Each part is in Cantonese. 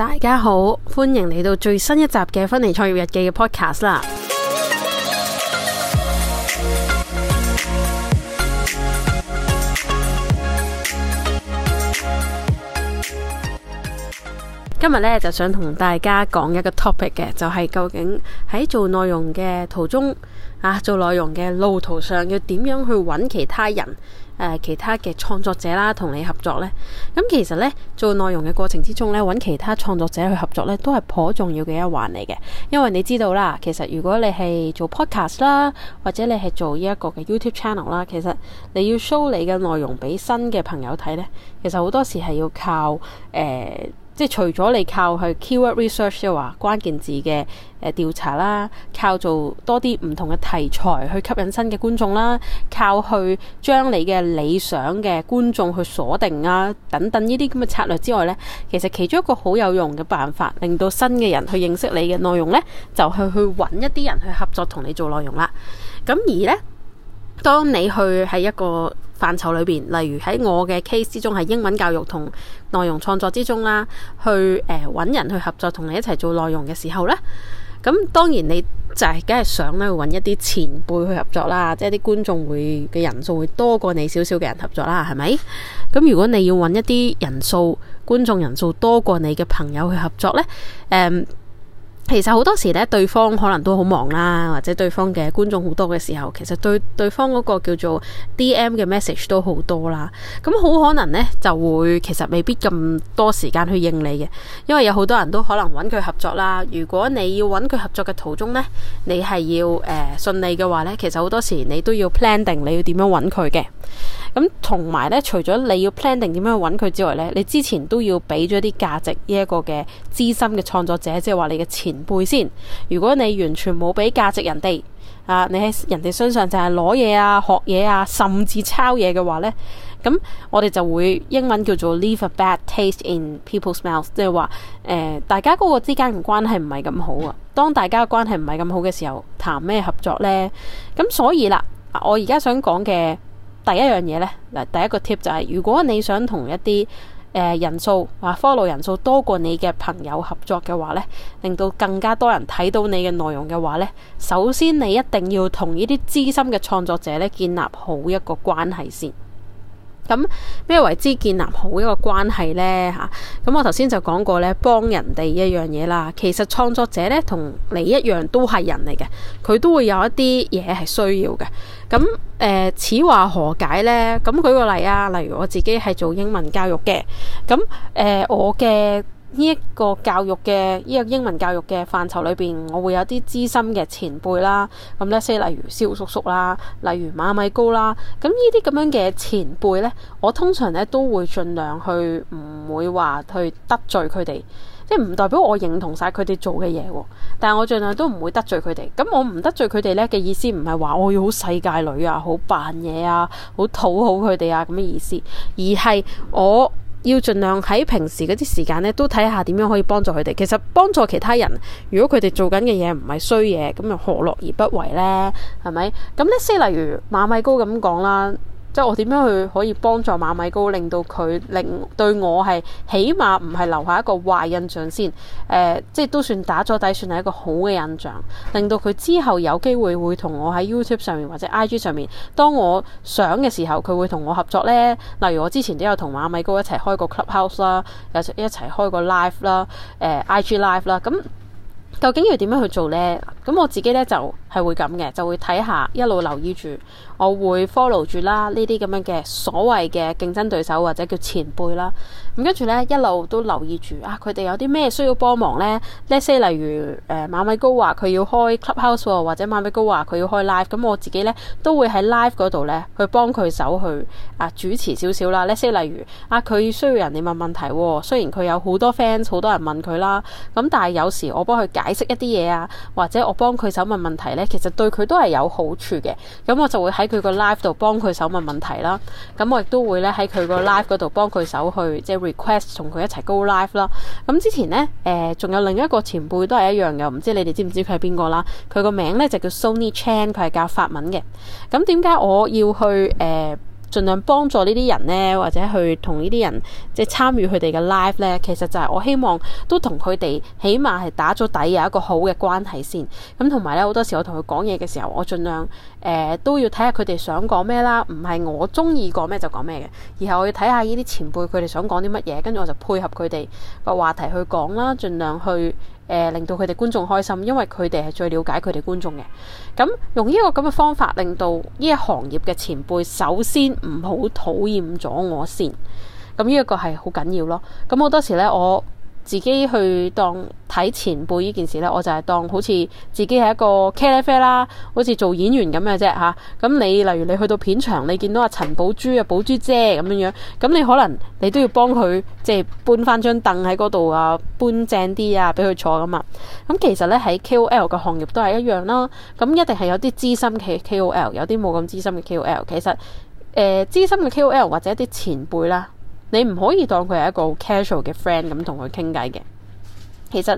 大家好，歡迎嚟到最新一集嘅《芬尼創業日記》嘅 Podcast 啦。今日呢，就想同大家講一個 topic 嘅，就係、是、究竟喺做內容嘅途中啊，做內容嘅路途上要點樣去揾其他人？誒、呃、其他嘅創作者啦，同你合作呢。咁其實呢，做內容嘅過程之中呢，揾其他創作者去合作呢，都係頗重要嘅一環嚟嘅。因為你知道啦，其實如果你係做 podcast 啦，或者你係做呢一個嘅 YouTube channel 啦，其實你要 show 你嘅內容俾新嘅朋友睇呢，其實好多時係要靠誒、呃即除咗你靠去 keyword research 嘅話關鍵字嘅誒調查啦，靠做多啲唔同嘅題材去吸引新嘅觀眾啦，靠去將你嘅理想嘅觀眾去鎖定啊等等呢啲咁嘅策略之外咧，其實其中一個好有用嘅辦法，令到新嘅人去認識你嘅內容咧，就係去揾一啲人去合作同你做內容啦。咁而咧。當你去喺一個範疇裏邊，例如喺我嘅 case 之中，係英文教育同內容創作之中啦，去誒搵、呃、人去合作，同你一齊做內容嘅時候呢，咁當然你就係梗係想咧搵一啲前輩去合作啦，即係啲觀眾會嘅人數會多過你少少嘅人合作啦，係咪？咁如果你要搵一啲人數觀眾人數多過你嘅朋友去合作呢。誒、嗯？其實好多時咧，對方可能都好忙啦，或者對方嘅觀眾好多嘅時候，其實對對方嗰個叫做 DM 嘅 message 都好多啦。咁好可能呢，就會其實未必咁多時間去應你嘅，因為有好多人都可能揾佢合作啦。如果你要揾佢合作嘅途中呢，你係要誒、呃、順利嘅話呢，其實好多時你都要 planning 你要點樣揾佢嘅。咁同埋咧，除咗你要 plan 定點樣揾佢之外呢，你之前都要俾咗啲價值呢一個嘅資深嘅創作者，即係話你嘅前輩先。如果你完全冇俾價值人哋啊，你喺人哋身上就係攞嘢啊、學嘢啊，甚至抄嘢嘅話呢，咁我哋就會英文叫做 leave a bad taste in people's mouth，即係話誒、呃、大家嗰個之間嘅關係唔係咁好啊。當大家嘅關係唔係咁好嘅時候，談咩合作呢？咁所以啦，我而家想講嘅。第一樣嘢呢，嗱，第一個 tip 就係、是、如果你想同一啲誒、呃、人數啊 follow 人數多過你嘅朋友合作嘅話呢，令到更加多人睇到你嘅內容嘅話呢，首先你一定要同呢啲資深嘅創作者呢，建立好一個關係先。咁咩為之建立好一個關係呢？嚇、啊？咁我頭先就講過咧，幫人哋一樣嘢啦。其實創作者咧，同你一樣都係人嚟嘅，佢都會有一啲嘢係需要嘅。咁誒、呃，此話何解呢？咁舉個例啊，例如我自己係做英文教育嘅，咁誒、呃，我嘅。呢一個教育嘅呢個英文教育嘅範疇裏邊，我會有啲資深嘅前輩啦。咁呢，即例如蕭叔叔啦，例如馬米高啦。咁呢啲咁樣嘅前輩呢，我通常呢都會盡量去唔會話去得罪佢哋。即係唔代表我認同晒佢哋做嘅嘢喎。但係我盡量都唔會得罪佢哋。咁我唔得罪佢哋呢嘅意思，唔係話我要好世界女啊，好扮嘢啊，好討好佢哋啊咁嘅意思，而係我。要儘量喺平時嗰啲時間咧，都睇下點樣可以幫助佢哋。其實幫助其他人，如果佢哋做緊嘅嘢唔係衰嘢，咁又何樂而不為呢？係咪？咁呢些例如馬米高咁講啦。即係我點樣去可以幫助馬米高，令到佢令對我係起碼唔係留下一個壞印象先。誒、呃，即係都算打咗底，算係一個好嘅印象，令到佢之後有機會會同我喺 YouTube 上面或者 IG 上面，當我想嘅時候，佢會同我合作呢。例如我之前都有同馬米高一齊開個 Clubhouse 啦，有一齊開個 Live 啦，誒、呃、IG Live 啦。咁究竟要點樣去做呢？咁我自己呢，就係、是、會咁嘅，就會睇下一路留意住。我會 follow 住啦，呢啲咁樣嘅所謂嘅競爭對手或者叫前輩啦，咁跟住呢，一路都留意住啊，佢哋有啲咩需要幫忙呢？呢些例如誒馬米高話佢要開 clubhouse 或者馬米高話佢要開 live，咁我自己呢，都會喺 live 嗰度呢，去幫佢手去啊主持少少啦。呢些例如啊，佢需要人哋問問題喎，啊，雖然佢有好多 fans 好多人問佢啦，咁但係有時我幫佢解釋一啲嘢啊，或者我幫佢手問問題呢，其實對佢都係有好處嘅。咁我就會喺佢個 live 度幫佢手問問題啦，咁我亦都會咧喺佢個 live 嗰度幫佢手去，即係 request 同佢一齊 go live 啦。咁之前呢，誒、呃、仲有另一個前輩都係一樣嘅，唔知你哋知唔知佢係邊個啦？佢個名咧就叫 Sony Chan，佢係教法文嘅。咁點解我要去誒，呃盡量幫助呢啲人呢，或者去同呢啲人即係參與佢哋嘅 life 呢。其實就係我希望都同佢哋起碼係打咗底有一個好嘅關係先。咁同埋呢，好多時我同佢講嘢嘅時候，我盡量誒、呃、都要睇下佢哋想講咩啦，唔係我中意講咩就講咩嘅，然後我要睇下呢啲前輩佢哋想講啲乜嘢，跟住我就配合佢哋個話題去講啦，盡量去。誒令到佢哋觀眾開心，因為佢哋係最了解佢哋觀眾嘅。咁用呢個咁嘅方法，令到呢一行業嘅前輩首先唔好討厭咗我先。咁呢一個係好緊要咯。咁好多時呢，我自己去當睇前輩呢件事呢，我就係當好似自己係一個茄喱啡啦，好似做演員咁嘅啫吓，咁、啊、你例如你去到片場，你見到阿陳寶珠啊，寶珠姐咁樣樣，咁你可能你都要幫佢即係搬返張凳喺嗰度啊，搬正啲啊，俾佢坐㗎嘛。咁其實呢，喺 KOL 嘅行業都係一樣啦。咁一定係有啲資深嘅 KOL，有啲冇咁資深嘅 KOL。其實誒、呃，資深嘅 KOL 或者一啲前輩啦。你唔可以當佢係一個 casual 嘅 friend 咁同佢傾偈嘅，其實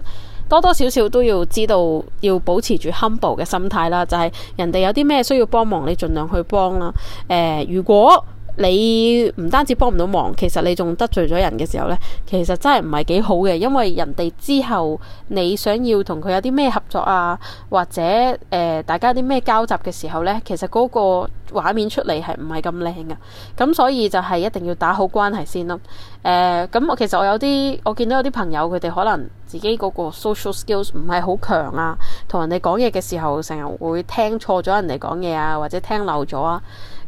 多多少少都要知道要保持住 humble 嘅心態啦，就係人哋有啲咩需要幫忙，你盡量去幫啦。誒、呃，如果你唔單止幫唔到忙，其實你仲得罪咗人嘅時候呢，其實真係唔係幾好嘅，因為人哋之後你想要同佢有啲咩合作啊，或者誒、呃、大家啲咩交集嘅時候呢，其實嗰個畫面出嚟係唔係咁靚嘅，咁所以就係一定要打好關係先咯。誒、呃，咁、嗯、我其實我有啲我見到有啲朋友佢哋可能自己嗰個 social skills 唔係好強啊，同人哋講嘢嘅時候成日會聽錯咗人哋講嘢啊，或者聽漏咗啊。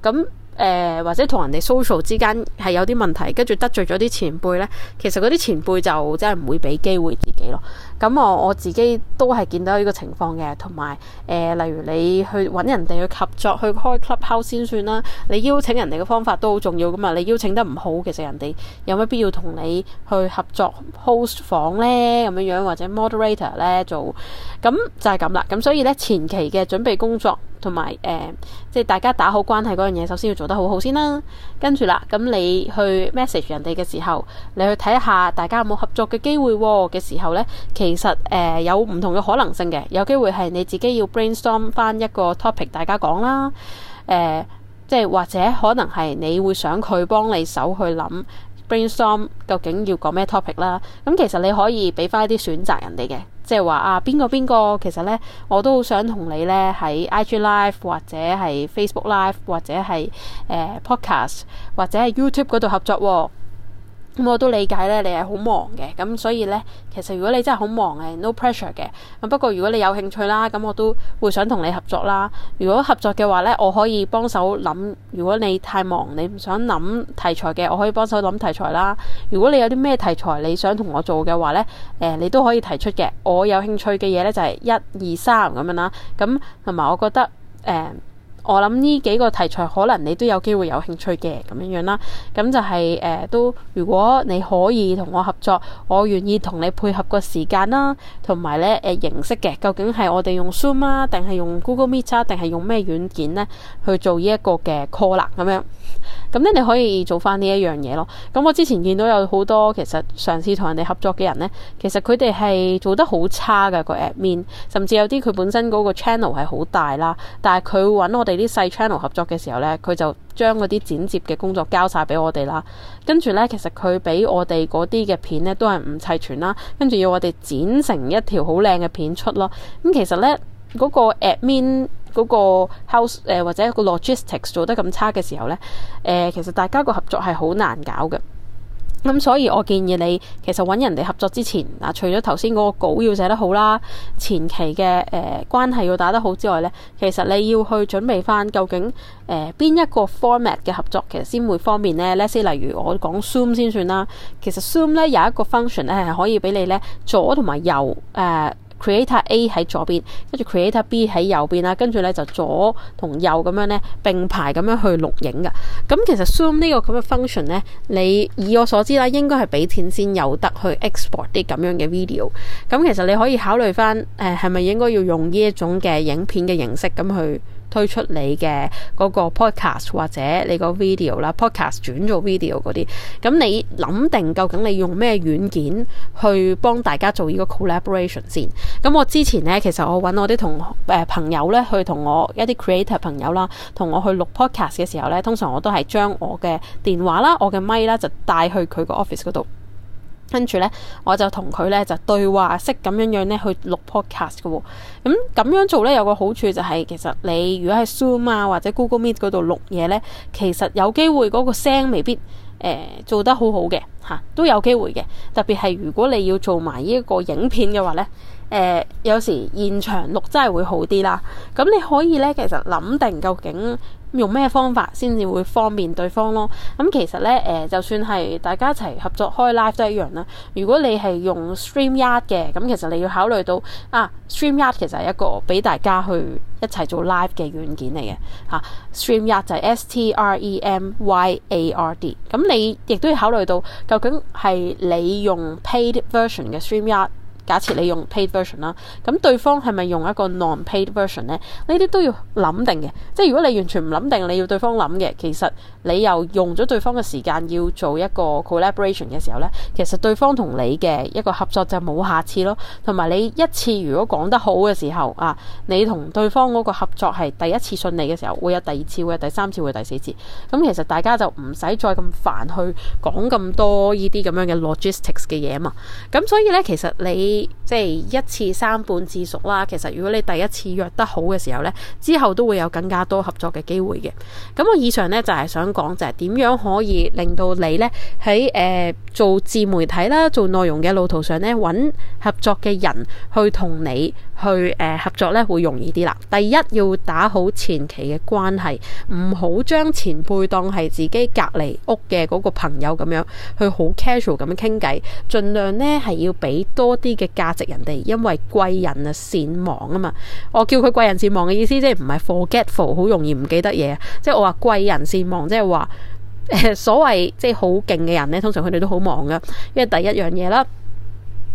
咁誒、呃、或者同人哋 social 之間係有啲問題，跟住得罪咗啲前輩呢。其實嗰啲前輩就真係唔會俾機會自己咯。咁啊，我自己都係見到呢個情況嘅，同埋誒，例如你去揾人哋去合作，去開 Clubhouse 先算啦。你邀請人哋嘅方法都好重要㗎嘛，你邀請得唔好，其實人哋有乜必要同你去合作 host 房呢？咁樣樣，或者 moderator 呢做？咁就係咁啦。咁所以呢，前期嘅準備工作。同埋誒，即係大家打好關係嗰樣嘢，首先要做得好好先啦。跟住啦，咁你去 message 人哋嘅時候，你去睇下大家有冇合作嘅機會嘅、哦、時候呢，其實誒、呃、有唔同嘅可能性嘅，有機會係你自己要 brainstorm 翻一個 topic，大家講啦。誒、呃，即係或者可能係你會想佢幫你手去諗。brainstorm 究竟要講咩 topic 啦？咁其實你可以俾翻一啲選擇人哋嘅，即係話啊，邊個邊個其實呢我都好想同你呢喺 IG live 或者係 Facebook live 或者係誒、呃、podcast 或者係 YouTube 嗰度合作喎、哦。咁、嗯、我都理解咧，你係好忙嘅，咁、嗯、所以咧，其實如果你真係好忙嘅，no pressure 嘅。咁不過如果你有興趣啦，咁、嗯、我都會想同你合作啦。如果合作嘅話咧，我可以幫手諗。如果你太忙，你唔想諗題材嘅，我可以幫手諗題材啦。如果你有啲咩題材你想同我做嘅話咧，誒、呃，你都可以提出嘅。我有興趣嘅嘢咧就係一二三咁樣啦。咁同埋我覺得誒、呃我諗呢幾個題材可能你都有機會有興趣嘅咁樣樣啦、就是，咁就係誒都如果你可以同我合作，我願意同你配合個時間啦，同埋咧誒形式嘅，究竟係我哋用 Zoom 啊，定係用 Google Meet 啊，定係用咩軟件咧去做呢一個嘅 call 啦、啊、咁樣。咁咧你可以做翻呢一樣嘢咯。咁我之前見到有好多其實上次同人哋合作嘅人呢，其實佢哋係做得好差嘅，個 admin 甚至有啲佢本身嗰個 channel 係好大啦，但係佢揾我哋啲細 channel 合作嘅時候呢，佢就將嗰啲剪接嘅工作交晒俾我哋啦。跟住呢，其實佢俾我哋嗰啲嘅片呢都係唔齊全啦，跟住要我哋剪成一條好靚嘅片出咯。咁、嗯、其實呢，嗰、那個 admin 嗰個 house 誒、呃、或者個 logistics 做得咁差嘅時候呢，誒、呃、其實大家個合作係好難搞嘅。咁、嗯、所以我建議你其實揾人哋合作之前，嗱除咗頭先嗰個稿要寫得好啦，前期嘅誒、呃、關係要打得好之外呢，其實你要去準備翻究竟誒邊、呃、一個 format 嘅合作其實先會方便呢，let's say。例如我講 Zoom 先算啦，其實 Zoom 咧有一個 function 咧係可以俾你咧左同埋右誒。呃 Creator A 喺左邊，跟住 Creator B 喺右邊啦，跟住咧就左同右咁樣咧並排咁樣去錄影噶。咁其實 Zoom 呢個咁嘅 function 咧，你以我所知啦，應該係俾錢先有得去 export 啲咁樣嘅 video。咁其實你可以考慮返，誒係咪應該要用呢一種嘅影片嘅形式咁去。推出你嘅嗰個 podcast 或者你個 video 啦，podcast 轉做 video 嗰啲，咁你諗定究竟你用咩軟件去幫大家做呢個 collaboration 先？咁我之前呢，其實我揾我啲同誒朋友呢去同我一啲 creator 朋友啦，同我去錄 podcast 嘅時候呢，通常我都係將我嘅電話啦、我嘅咪啦，就帶去佢個 office 度。跟住呢，我就同佢呢就對話式咁樣樣呢去錄 podcast 嘅喎、哦。咁、嗯、咁樣做呢，有個好處就係、是，其實你如果喺 Zoom 啊或者 Google Meet 嗰度錄嘢呢，其實有機會嗰個聲未必、呃、做得好好嘅嚇，都有機會嘅。特別係如果你要做埋呢一個影片嘅話呢。誒、呃、有時現場錄真係會好啲啦，咁你可以呢，其實諗定究竟用咩方法先至會方便對方咯。咁、嗯、其實呢，誒、呃、就算係大家一齊合作開 live 都係一樣啦。如果你係用 Streamyard 嘅，咁、嗯、其實你要考慮到啊，Streamyard 其實係一個俾大家去一齊做 live 嘅軟件嚟嘅嚇。啊、Streamyard 就係 S-T-R-E-M-Y-A-R-D a。咁、嗯、你亦都要考慮到究竟係你用 paid version 嘅 Streamyard。假設你用 paid version 啦，咁對方係咪用一個 non-paid version 咧？呢啲都要諗定嘅。即係如果你完全唔諗定，你要對方諗嘅，其實你又用咗對方嘅時間要做一個 collaboration 嘅時候咧，其實對方同你嘅一個合作就冇下次咯。同埋你一次如果講得好嘅時候啊，你同對方嗰個合作係第一次順利嘅時候，會有第二次，會有第三次，會有第四次。咁其實大家就唔使再咁煩去講咁多呢啲咁樣嘅 logistics 嘅嘢嘛。咁所以咧，其實你即係一次三半自熟啦，其實如果你第一次約得好嘅時候呢，之後都會有更加多合作嘅機會嘅。咁我以上呢，就係、是、想講就係點樣可以令到你呢喺誒、呃、做自媒體啦，做內容嘅路途上呢，搵合作嘅人去同你。去誒、呃、合作咧會容易啲啦。第一要打好前期嘅關係，唔好將前輩當係自己隔離屋嘅嗰個朋友咁樣，去好 casual 咁樣傾偈。盡量呢，係要俾多啲嘅價值人哋，因為貴人啊善忘啊嘛。我叫佢貴人善忘嘅意思，即係唔係 forgetful，好容易唔記得嘢。即係我話貴人善忘，即係話、呃、所謂即係好勁嘅人呢，通常佢哋都好忙㗎。因為第一樣嘢啦。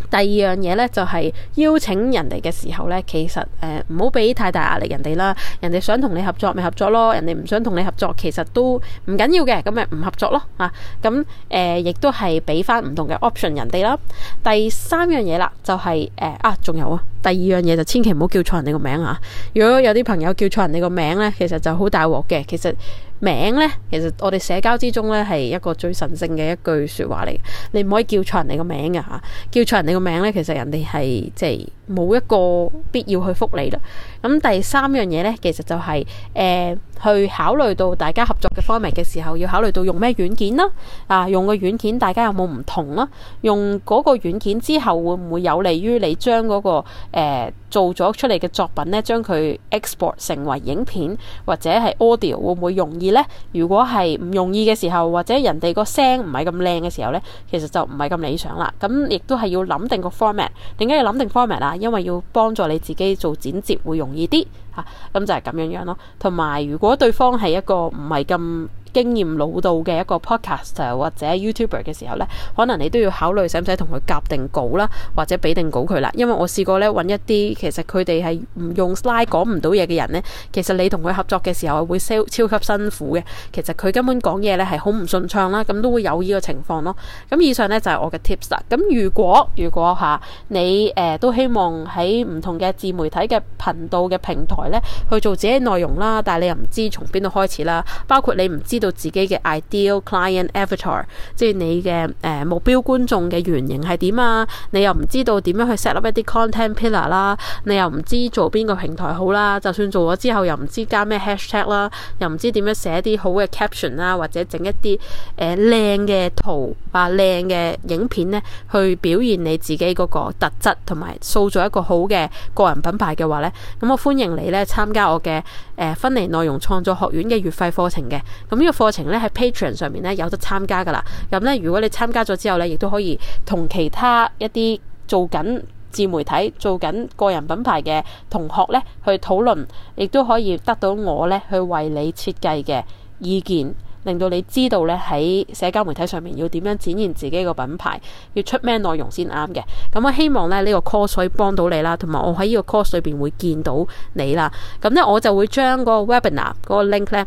第二樣嘢咧，就係、是、邀請人哋嘅時候咧，其實誒唔好俾太大壓力人哋啦。人哋想同你合作咪合作咯，人哋唔想同你合作其實都唔緊要嘅，咁咪唔合作咯啊。咁、呃、誒亦都係俾翻唔同嘅 option 人哋啦。第三樣嘢啦，就係、是、誒、呃、啊，仲有啊。第二樣嘢就千祈唔好叫錯人哋個名啊！如果有啲朋友叫錯人哋個名呢，其實就好大鑊嘅。其實名呢，其實我哋社交之中呢，係一個最神聖嘅一句説話嚟嘅，你唔可以叫錯人哋個名㗎吓。叫錯人哋個名呢，其實人哋係即係冇一個必要去覆你啦。咁第三樣嘢咧，其實就係、是、誒、呃、去考慮到大家合作嘅 format 嘅時候，要考慮到用咩軟件啦，啊用個軟件大家有冇唔同啦，啊？用個軟件之後會唔會有利於你將、嗰個誒、呃、做咗出嚟嘅作品咧，將佢 export 成為影片或者係 audio 會唔會容易咧？如果係唔容易嘅時候，或者人哋個聲唔係咁靚嘅時候咧，其實就唔係咁理想啦。咁亦都係要諗定個 format。點解要諗定 format 啦，因為要幫助你自己做剪接會用。容易啲吓，咁、嗯、就係、是、咁樣樣咯。同埋，如果對方係一個唔係咁，經驗老道嘅一個 podcaster 或者 youtuber 嘅時候呢，可能你都要考慮使唔使同佢夾定稿啦，或者俾定稿佢啦。因為我試過呢，揾一啲其實佢哋係唔用 slide 講唔到嘢嘅人呢，其實你同佢合作嘅時候係會超超級辛苦嘅。其實佢根本講嘢呢係好唔順暢啦，咁都會有呢個情況咯。咁以上呢，就係、是、我嘅 tips 啦。咁如果如果吓、啊、你誒、呃、都希望喺唔同嘅自媒體嘅頻道嘅平台呢去做自己內容啦，但係你又唔知從邊度開始啦，包括你唔知道。自己嘅 ideal client avatar，即係你嘅誒、呃、目標觀眾嘅原型係點啊？你又唔知道點樣去 set up 一啲 content pillar 啦，你又唔知做邊個平台好啦、啊，就算做咗之後又唔知加咩 hashtag 啦，又唔知點樣寫啲好嘅 caption 啦，或者整一啲誒靚嘅圖啊靚嘅影片咧，去表現你自己嗰個特質同埋塑造一個好嘅個人品牌嘅話咧，咁我歡迎你咧參加我嘅誒芬尼內容創作學院嘅月費課程嘅，咁、嗯、要個課程咧喺 Patreon 上面咧有得參加噶啦，咁咧如果你參加咗之後咧，亦都可以同其他一啲做緊自媒體、做緊個人品牌嘅同學咧去討論，亦都可以得到我咧去為你設計嘅意見，令到你知道咧喺社交媒體上面要點樣展現自己個品牌，要出咩內容先啱嘅。咁我希望咧呢個 course 可以幫到你啦，同埋我喺呢個 course 裏邊會見到你啦。咁咧我就會將嗰個 webinar 嗰個 link 咧。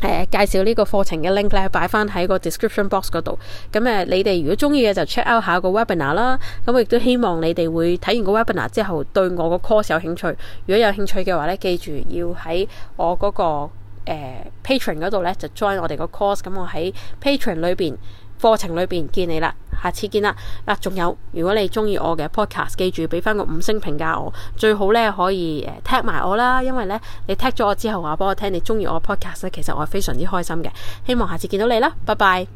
呃、介紹呢個課程嘅 link 咧，擺翻喺個 description box 嗰度。咁、呃、誒，你哋如果中意嘅就 check out 下個 webinar 啦。咁我亦都希望你哋會睇完個 webinar 之後對我個 course 有興趣。如果有興趣嘅話咧，記住要喺我嗰、那個、呃、Patreon 嗰度咧就 join 我哋個 course。咁我喺 Patreon 裏邊課程裏邊見你啦，下次見啦嗱。仲有，如果你中意我嘅 podcast，記住俾翻個五星評價我，最好咧可以誒 tag 埋我啦，因為咧你 tag 咗我之後話俾我聽，你中意我 podcast，其實我係非常之開心嘅。希望下次見到你啦，拜拜。